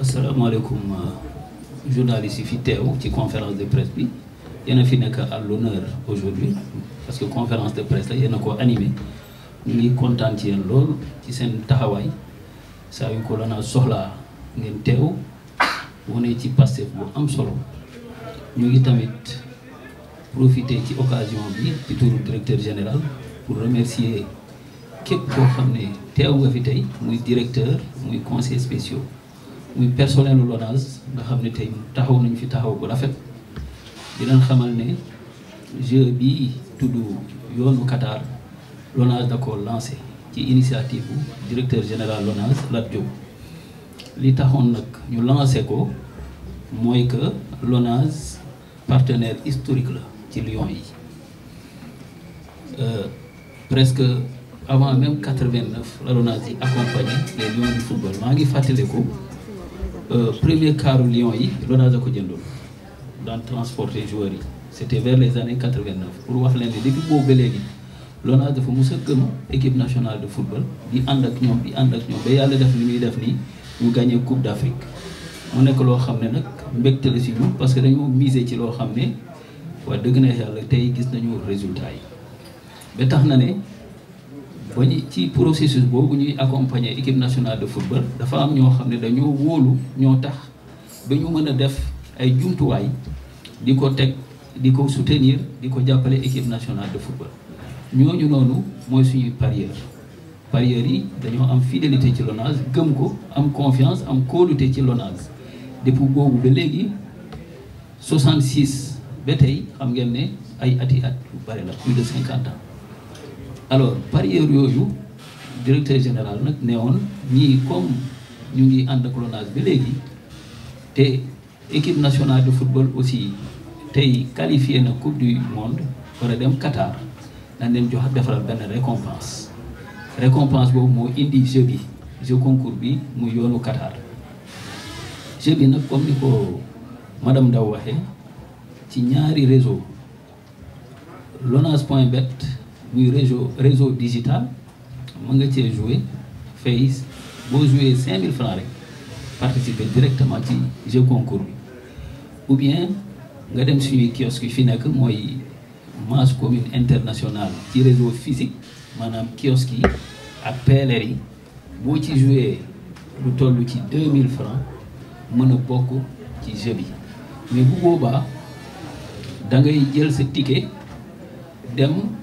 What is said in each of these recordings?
Assalamualaikum. Euh, journalistes yi fi de ci conférence de presse bi en a fi à l'honneur aujourd'hui parce que conférence de presse la en a ko animé Nous ngi kontaan qui yéen lool ci seen que saa yu ko la naa soxlaa ngeen teew pour ci Nous Nous am solo de l'occasion, tamit profiter ci occasion bi ci directeur général pour remercier képp koo xam ne teew nga fi tey muy directeur muy conseil spéciaux muy personnel u LONASE nga xam ne tey taxaw nañu fi taxaw bu rafet di leen xamal ne jeu bi tudd yoonu Qatar LONASE d'accord ko lancé ci initiative bu directeur général LONASE Lat Diop li taxoon nag ñu lancé ko mooy que LONASE partenaire historique la ci Lions yi euh, presque avant même 89 la LONASE les lions du football Mangi ngi fàttaliku euh, premier le lion yi LONASE a ko jëndoon dans transporter joueurs C'était vers les années 89 pour wax leen ni depuis boobu ba léegi LONASE dafa mos gëm équipe nationale de football di ànd ak ñoom di ànd ak ñoom ba def li muy def ni ñu gagné coupe d'Afrique. Afrique mu nekk loo xam ne la ci ñu parce que dañu miser ci lo xamné wa deug na yalla tay gis nañu résultat yi ba tax na ne ba ñu ci processus boobu ñuy accompagner équipe nationale de football dafa am ñoo xam ne dañoo wóolu ñoo tax ba ñu mën a def ay jumtuwaay di ko teg di ko soutenir di ko jàppale équipe nationale de football ñooñu noonu mooy suñuy parieur parieur yi dañoo am fidélité ci lonage gëm ko am confiance am kóolute ci Lonase depuis boobu ba léegi 66 ba tey xam ngeen ne ay ati at yu bari la plus de 50 ans alors parieur yooyu directeur général nag ne ñi ñii comme ñu ngi ànd ak Lonase bi léegi te équipe nationale de football aussi tey qualifié na coupe du monde war dem Qatar dañ leen jox defaral benn récompense récompense boobu moo indi jeu bi jeu concours bi mu yoonu Qatar jeu bi nag comme ni ko madame Ndaw waxee ci ñaari réseau Lonase point bet ou réseau réseau digital mën nga jouer Face boo jouer 5000 francs rek participer directement ci jeu concours ou bien nga dem suñuy kiosque yi fi nekk mooy masse commune internationale ci réseau physique maanaam kiosque yi ak PLR ci jouer lu toll ci 2000 francs mën a bokk ci jeu bi mais bu boobaa da ngay jël sa ticket dem.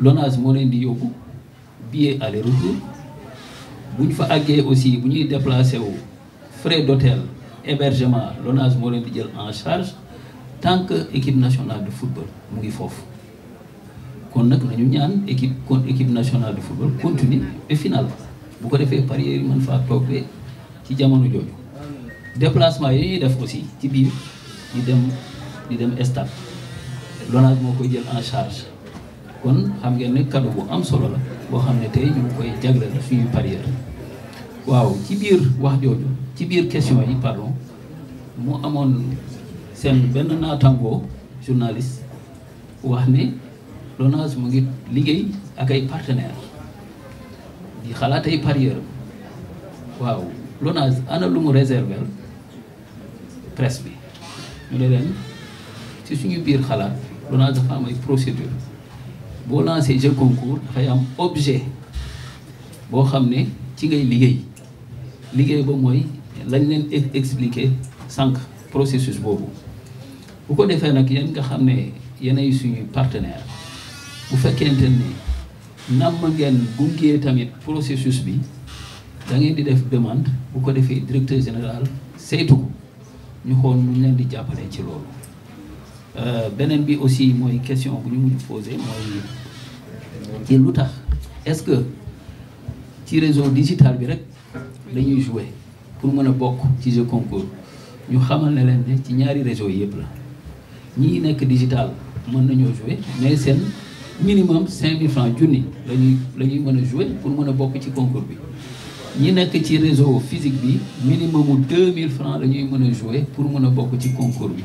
l'onage moo leen di billet aller retour Une fois fa aggé aussi bu déplacer déplacé wu frais d'hôtel hébergement l'onage moo jël en charge tant que équipe nationale de football mu ngi foofu kon nak nañu ñaan équipe kon équipe nationale de football continue et final bu ko paris parieurs man fa faa ci jamono jojo déplacement yi def aussi ci biir di dem di dem l'ONAS en charge kon xam ngeen ne cadeau bu am solo la boo xam ne tey ñu ngi koy jagleel suñuy parieur waaw ci biir wax jooju ci biir question yi pardon mu amoon seen benn naatangoo journaliste wax ni LONASE mu ngi liggéey ak ay partenaires di xalaat ay parieur waaw LONASE ana lu mu réserver presse bi ñu ne leen ci suñu biir xalaat LONASE dafa am boo lancé je concours fay am objet bo xamné ci ngay liguey liguey bo moy lañ leen expliquer sànq processus bobu bu ko defee nak yéen nga xamné ne suñu partenaire bu fekkente ne namm ngeen gungee tamit processus bi da ngeen di def demande bu ko defee directeur général saytu ñu xool ñu leen di jappalé ci loolu euh, benen bi aussi moy question bu ñu mujj poser moy ci lu est-ce que ci réseau digital bi rek lañuy jouer pour mëna bok ci jeu concours ñu xamal na leen ci ñaari réseau yépp la ñi nekk digital mën nañoo jouer mais sen minimum 5000 francs junni lañuy la mëna jouer pour mëna bok ci concours bi ñi nekk ci réseau physique bi minimum 2000 francs la mëna jouer pour mëna bok ci concours bi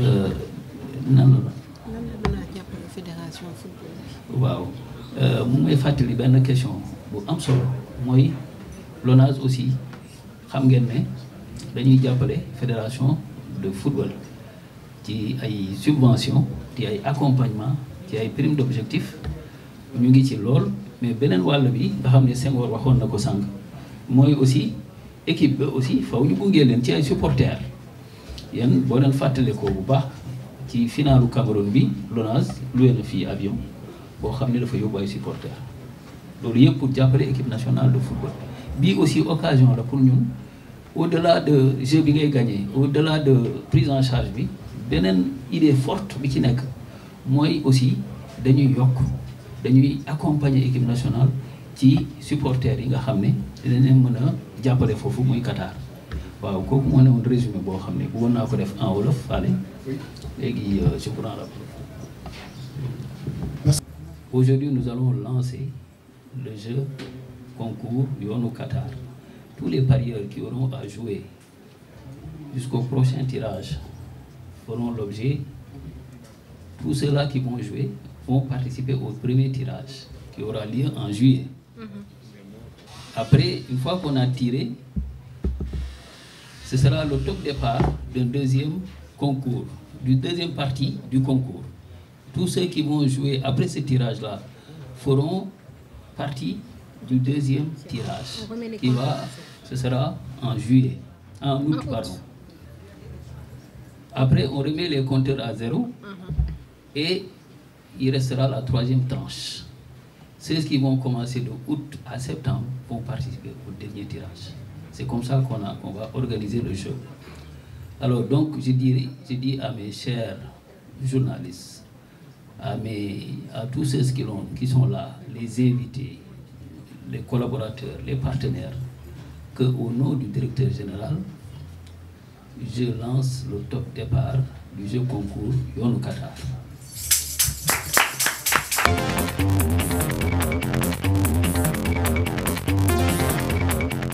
Euh, nan la. la football. Euh, question bu am solo aussi xam fédération de football ci ay subventions ci ay accompagnement ci ay primes d'objectifs ñu ngi ci mais bi nous avons aussi équipe aussi supporters yéen boo fatale ko bu baax ci finalu Cameroun bi lonas loué na fii avion bo xam dafa yóbbu ay supporters loolu yëpp pour jàppale équipe nationale de football bi aussi occasion la pour ñun au-delà de jeu bi ngay gagné au-delà de prise en charge bi benen idée forte bi ci nek moy aussi dañuy yok dañuy accompagner équipe nationale ci supporter yi nga xam dañu dinañ leen fofu a muy Qatar aujourd'hui nous allons lancer le jeu concours du Hono Qatar tous les parieurs qui auront à jouer jusqu'au prochain tirage feront l'objet tous ceux-là qui vont jouer vont participer au premier tirage qui aura lieu en juillet mm-hmm. après une fois qu'on a tiré ce sera le top départ d'un deuxième concours, du deuxième partie du concours. Tous ceux qui vont jouer après ce tirage-là feront partie du deuxième tirage. Qui va, ce sera en juillet, en août, pardon. Après, on remet les compteurs à zéro uh-huh. et il restera la troisième tranche. Ceux qui vont commencer de août à septembre vont participer au dernier tirage. C'est comme ça qu'on va organiser le show. Alors donc, je dis, je dis à mes chers journalistes, à, mes, à tous ceux qui, sont là, les invités, les collaborateurs, les partenaires, qu'au nom du directeur général, je lance le top départ du jeu concours Yon Qatar.